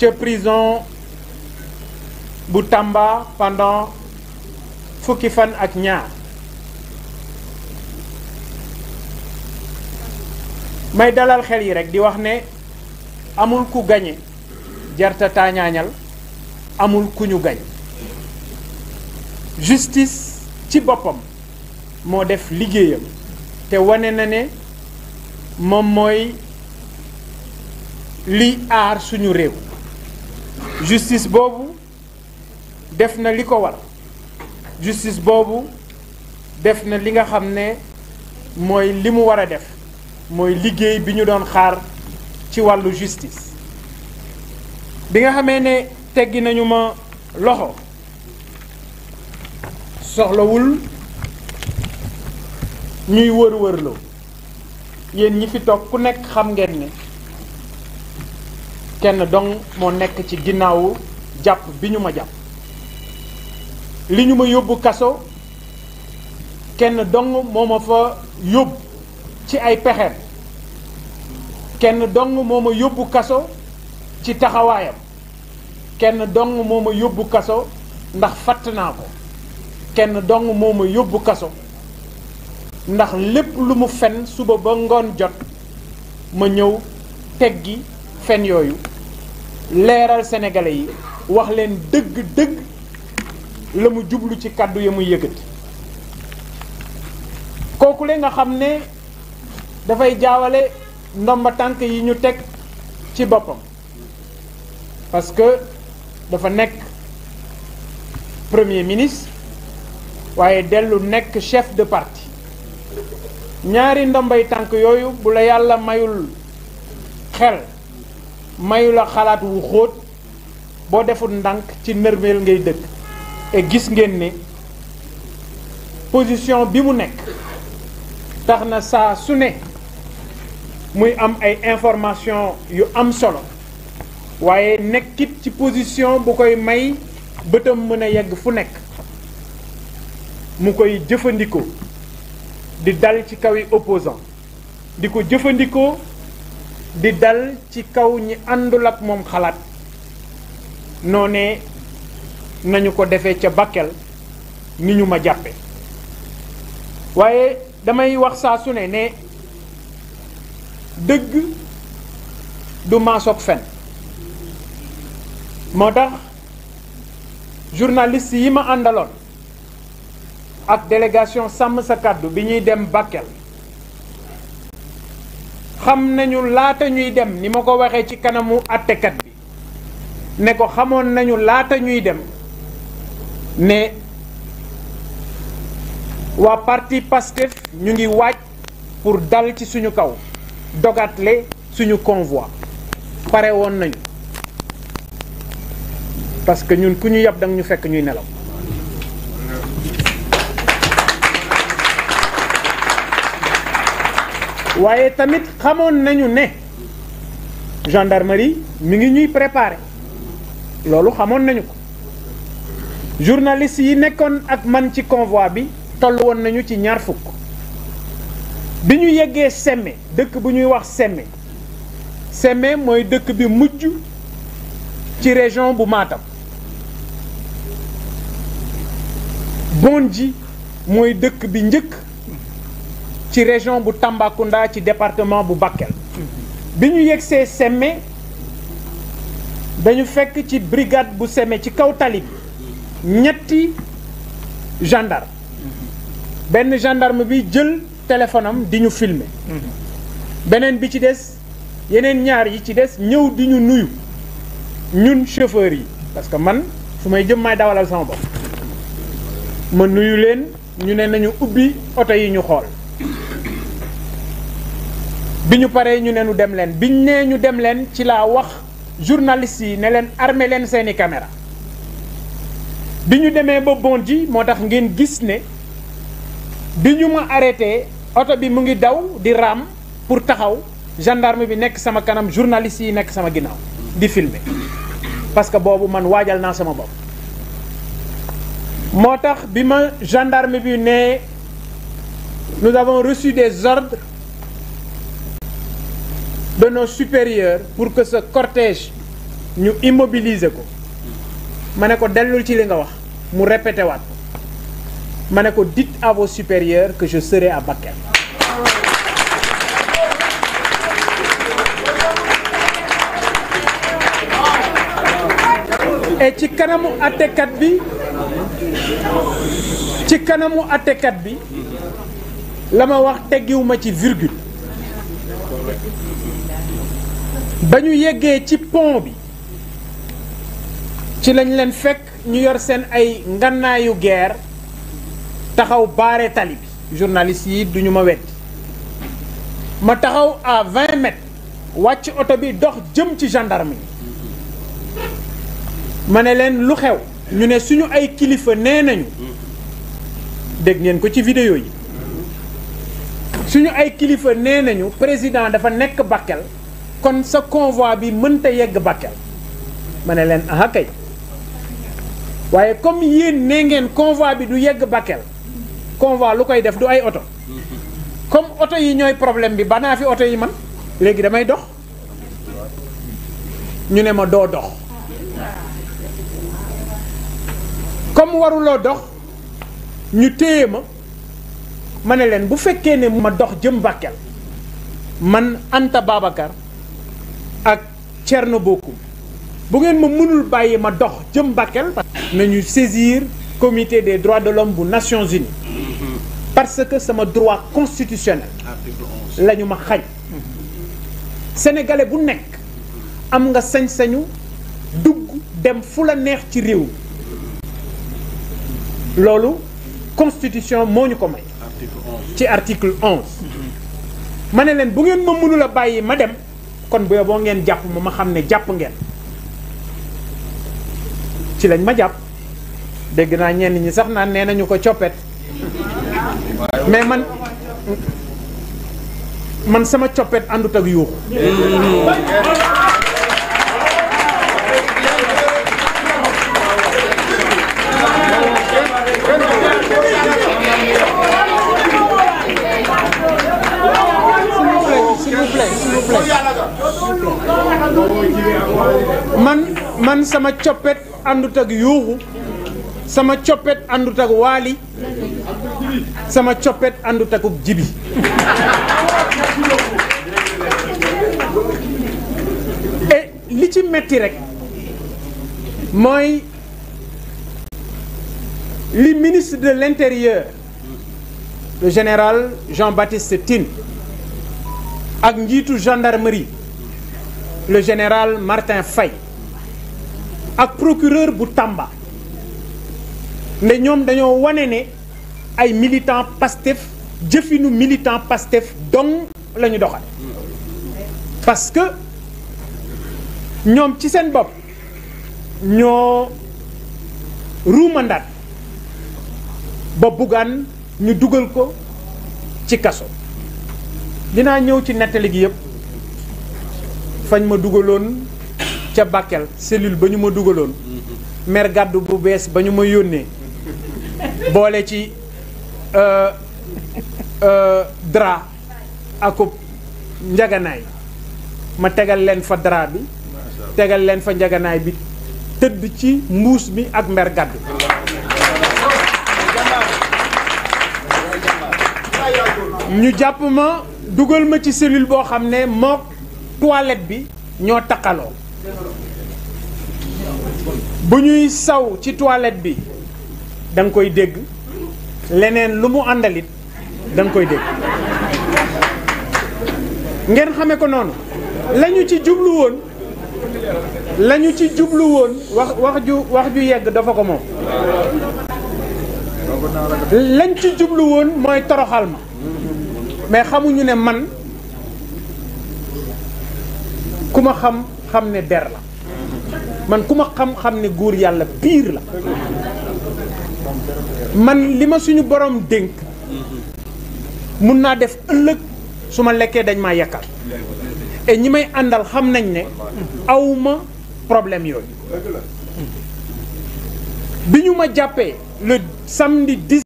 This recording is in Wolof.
ca prison bu tàmba pendant fukki fan ak ñaar may dalal xel yi rekk di wax ne amul ku gañe jarta taañaañal amul ku gañ justice ci boppam moo def liggéeyam te wane na ne moom mooy li aar suñu réew justice boobu def na li ko war justice boobu def na li nga xam ne mooy li mu war a def mooy liggéey bi ñu doon xaar ci wàllu justice bi nga xamee ne teggi nañu ma loxo soxlawul ñuy wër-wërloo yéen ñi fi toog ku nekk xam ngeen ne kenn don moo nekk ci ginnaawu jàpp bi ñu ma jàpp li ñu ma yóbbu kaso kenn dong moo ma fa yóbbu ci ay pexeem kenn dong moo ma yóbbu kaso ci taxawaayam kenn dong moo ma yóbbu kaso ndax fatt naa ko kenn dong moo yóbbu kaso ndax lépp lu mu fen suba ba ngoon jot ma ñëw teggi fen yooyu leeral sénégalais yi wax leen dëgg-dëgg la mu jublu ci kàddu ya muy yëkkati kooku le nga xam ne dafay jaawale ndomba tànk yi ñu teg ci boppam parce que dafa nekk premier ministre waaye dellu nekk chef de parti ñaari ndombay tànk yooyu bu la yàlla mayul xel mayu la xalaat wu xóot boo deful ndànk ci nërmeel ngay dëkk et gis ngeen ni position bi mu nekk tax na saa su ne muy am ay information yu am solo waaye nekkit ci position bu koy may bëtam mën a yegg fu nekk mu koy jëfandikoo di dal ci kaw yi opposant di ko jëfandikoo di dal ci kaw ñi àndul ak moom xalaat noone nañu ko defee ca Bakel ni ñu ma jàppe waaye damay wax saa su ne ne dëgg du maasoog fen moo tax journaliste yi ma àndaloon ak délégation sàmm sa kàddu bi ñuy dem Bakel xam nañu laata ñuy dem ni ma ko waxee ci kanamu àttekat bi ne ko xamoon nañu laata ñuy dem ne waa parti Pastef ñu ngi waaj pour dal ci suñu kaw dogatle suñu convoi pare woon nañu parce que ñun ku ñu yab danga ñu fekk ñuy nelaw waaye tamit xamoon nañu ne gendarmerie mu ngi ñuy préparer loolu xamoon nañu ko journaliste yi nekkoon ak man ci convoi bi toll woon nañu ci ñaar fukk bi ñu yeggee Semme dëkk bu ñuy wax Semme Semme mooy dëkk bi mujj ci région bu maatam Matam ji mooy dëkk bi njëkk ci région bu Tambacounda ci département bu Bakel bi ñu yegsee seme dañu fekk ci brigade bu Semme ci kaw tali ñetti gendarme benn gendarme bi jël téléphone am di ñu filmer beneen bi ci des yeneen ñaar yi ci des ñëw di ñu nuyu ñun chauffeur yi parce que man su may jëm may dawalal sama bopp ma nuyu leen ñu ne nañu ubbi oto yi ñu xool bi ñu paree ñu ne ñu dem leen ñu nee ñu dem leen ci laa wax journaliste yi ne leen armé leen seeni caméra bi ñu demee ba Bondy moo tax ngeen gis ne bi ñu ma arrêté oto bi mu ngi daw di raam pour taxaw gendarme bi nekk sama kanam journaliste yi nekk sama ginnaaw di filmer parce que boobu man waajal naa sama bopp. moo tax bi ma gendarme bi ne nous avons reçu des ordres de nos pour que sa cortège ñu immobiliser ko ma ne ko dellul ci li nga wax mu répété waat ma ne ko dites à vos supérieurs que je serai à Bakel et ci kanamu àttekat bi ci kanamu àttekat bi la ma wax teggiwu ci virgule dañu yéggee ci pont bi ci lañ leen fekk ñu yor seen ay ngannaayu guerre taxaw baare tali bi journaliste yi duñu ma weddi ma taxaw à 20 wàcc oto bi dox jëm ci gendarme yi ma ne leen lu xew ñu ne suñu ay kilifa nee nañu dégg ngeen ko ci vidéo yi suñu ay kilifa nee nañu président dafa nekk Bakel kon sa convoi bi mënta yegg Bakel ma ne leen aha kay waaye comme yéen nee ngeen convoi bi du yegg Bakel convoi lu koy def du ay oto comme oto yi ñooy problème bi banaa fi oto yi man léegi damay dox ñu ne ma doo dox comme waruloo dox ñu téye ma ma ne leen bu fekkee ne ma dox jëm Bakel man Anta Babacar ak Thierno Bocoum bu ngeen ma mënul bàyyi ma dox jëm Bakel nañu saisir comité des droits de l'homme bu Nations Unies parce que sama droit constitutionnel la ñu ma xañ sénégalais bu nekk am nga sañ-sañu dugg dem fu la neex ci réew loolu constitution moo ñu ko may ci article 11 ma ne leen bu ngeen ma mënul bàyyi ma dem kon bu yoboo ngeen jàpp ma ma xam ne jàpp ngeen ci lañ ma jàpp dégg naa ñenn ñi sax naan nee nañu ko coppet mais man man sama coppet àndut ak yuuxu man man sama coppet àndut ak yuuxu sama coppet àndut ak sama coppet àndut ak jibi e, li ci metti rek mooy li ministre de l'intérieur le général Jean-Baptiste Tine ak njiitu gendarmerie le général Martin Faye ak procureur bu tàmba ne ñoom dañoo wane ne ay militant pastef jëfinu militant pastef dong la ñu doxal parce que ñoom ci seen bopp ñoo ruumandaat ba buggaan ñu dugal ko ci kaso dinaa ñëw ci nettali gi yëpp fañ ma dugaloon ca Bakel cellule ba ñu ma dugaloon mer gàddu bu bees ba ñu ma yónnee boole ci euh, euh, drap akub njaganaay ma tegal leen fa dra bi tegal leen fa njaganaay bi tëdd ci mbuus mi ak mer gàddu ñu jàpp ma dugal ma ci cellule boo xam ne mook toilette bi ñoo takkaloo bu ñuy saw ci toilette bi da koy dégg leneen lu mu àndalit da koy dégg ngeen xamee ko noonu lañu ci jublu woon lañu ci jublu wax wax ju wax ju yegg dafa ko moom lañ ci jublu woon mooy toroxal ma mais xamuñu ne man ku ma xam xam ne der la man ku ma xam-xam ne góor yàlla piir la man li ma suñu boroom dénk mun naa def ëllëg su ma lekkee dañ maa yakkal et ñi may àndal xam nañ ne awma problème yooyu bi ñu ma jàppee le samedi 10